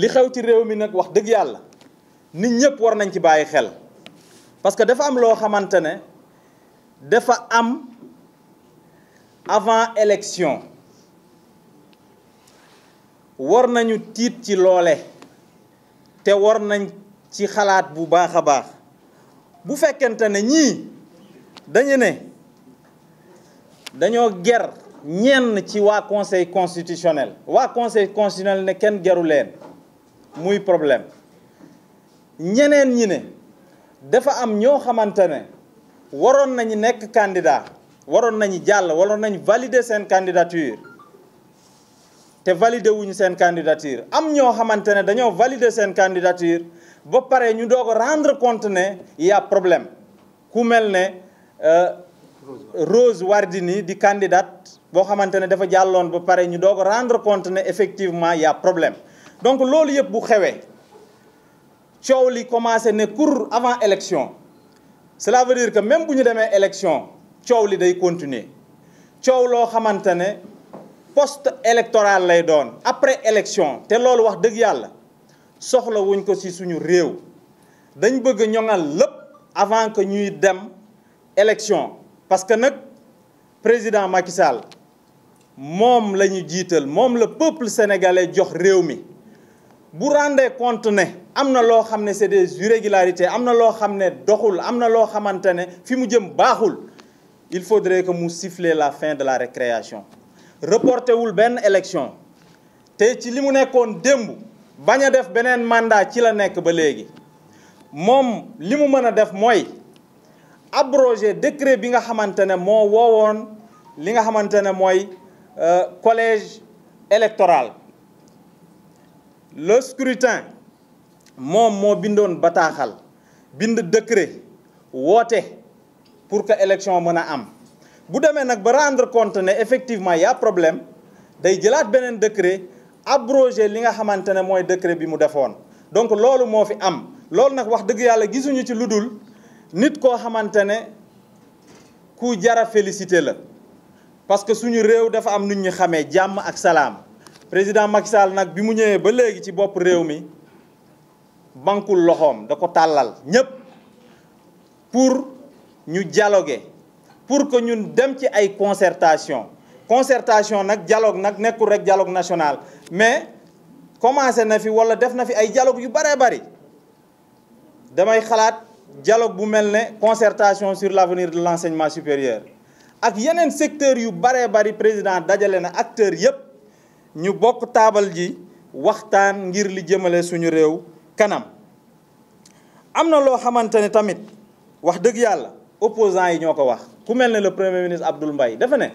li xew ci réew mi nag wax dëgg yàlla nit ñëpp war nañ ci bàyyi xel parce que dafa am loo xamante ne dafa am avant élection war nañu tiit ci loole te war nañ ci xalaat bu baax a baax bu fekkente ne ñii dañu ne dañoo ger ñenn ci waa conseil constitutionnel waa conseil constitutionnel ne kenn geru leen muy problème ñeneen ñi ne dafa am ñoo xamante ne waroon nañu nekk candidat waroon nañu jàll waroon nañu valider seen candidature te valider wuñu seen candidature am ñoo xamante ne dañoo valider seen candidature ba pare ñu doog a rendre compte ne y problème ku mel ne euh, Rose Wardini di candidate boo xamante ne dafa jàlloon ba pare ñu doog rendre compte ne effectivement y problème donc loolu yëpp bu xewee coow li commencé ne cours avant élection cela veut dire que même bu ñu demee élection coow li day continuer coow loo xamante ne poste électoral lay doon après élection te loolu wax dëgg yàlla soxla wuñ ko ci suñu réew dañ bëgg ñoŋal lépp avant que ñuy dem élection parce que nag président Macky moom la ñu jiital moom la peuple sénégalais jox réew mi bu rendee compte ne am na loo xam ne c'est des irrégularités am na loo xam ne doxul am na loo xamante ne fi mu jëm baaxul il faudrait que mu siffler la fin de la récréation reporté wul benn élection te ci li mu nekkoon démb bañ a def beneen mandat ci la nekk ba léegi moom li mu mën a def mooy abroger décret bi nga xamante ne moo woowoon li nga xamante ne mooy euh, collège électoral le scrutin moom moo bindoon bataaxal bind décret woote pour que élection mën a am bu demee nag ba rendre compte ne effectivement y problème day jëlaat beneen décret abrogé li nga xamante ne mooy décret bi mu defoon donc loolu moo fi am loolu nag wax dëgg yàlla gisuñu ci lu dul nit koo xamante ne ku jara félicité la parce que suñu réew dafa am nit ñu xamee jàmm ak salaam président Macky Sall nag bi mu ñëwee ba léegi ci bopp réew mi bankul loxoom da ko tàllal ñépp pour ñu dialoguer pour que ñun dem ci ay concertation concertation nag dialogue nag nekkul rek dialogue national mais commencé na fi walla def na fi ay dialogue yu bare bari damay xalaat dialogue bu mel ne concertation sur l'avenir de l'enseignement supérieur ak yeneen secteur yu bare bari président dajale na acteur yépp ñu bokk taabal ji waxtaan ngir li jëmale suñu réew kanam am na loo xamante ne tamit wax dëgg yàlla opposants yi ñoo ko wax ku mel ne le premier ministre Abdoul mbay dafa ne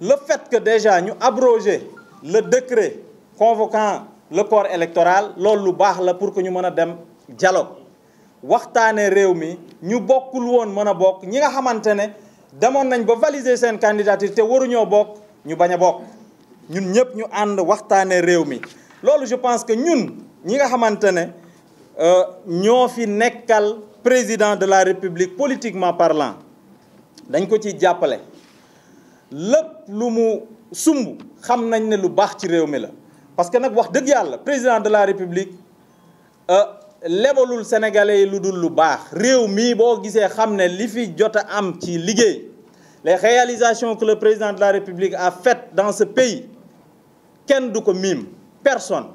le fait que déjà ñu abroger le décret convoquant la corps électoral loolu lu baax la pour que ñu mën a dem dialogue waxtaanee réew mi ñu bokkul woon mën a bokk ñi nga xamante ne demoon nañ ba valiser seen candidature te waruñoo bokk ñu bañ a bokk ñun ñëpp ñu ànd waxtaanee réew mi loolu je pense que ñun ñi nga xamante ne euh, ñoo fi nekkal président de la république politiquement parlant dañ ko ci jàppale lépp lu mu sumb xam nañ ne lu baax ci réew mi la parce que nag wax dëgg yàlla président de la république euh, lebalul sénégalais yi lu dul lu baax réew mii boo gisee xam ne li fi jot a am ci liggéey les réalisations que le président de la république a faites dans ce pays kenn du ko miim personne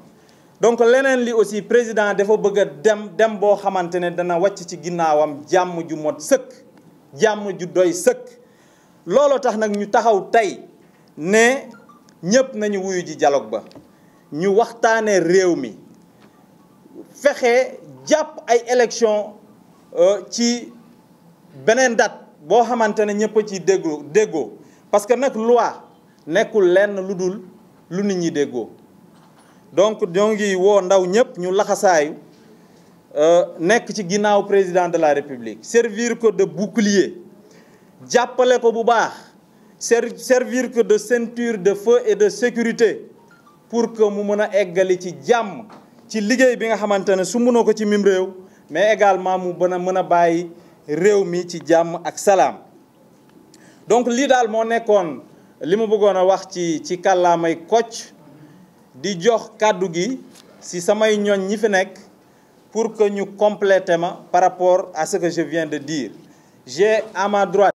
donc leneen li aussi président dafa bëgg dem dem boo xamante ne dana wàcc ci ginnaawam jàmm ju mot sëkk jàmm ju doy sëkk looloo tax nag ñu taxaw tey ne ñëpp nañu wuyu ji dialogue ba ñu waxtaanee réew mi fexe jàpp ay élection euh, ci beneen date boo xamante ne ñëpp a ciy déglu déggoo parce que nag loi nekkul lenn lu dul lu nit ñi déggoo donc ñoo ngi woo ndaw ñëpp ñu laxasaayu euh, nekk ci ginnaaw président de la république servir ko de bouclier jàppale ko bu baax servir que de ceinture de feu et de sécurité pour que mu mën a eggali ci jàmm ci liggéey bi nga xamante ne su mënoo ko ci mim réew mais également mu mën a mën a bàyyi réew mi ci jàmm ak salaam donc lii daal moo nekkoon li ma bëggoon a wax ci ci kàllaamay kocc di jox kàddu gi si samay ñoñ ñi fi nekk pour que ñu complété ma par rapport a ce que je viens de dire j'ai à ma droite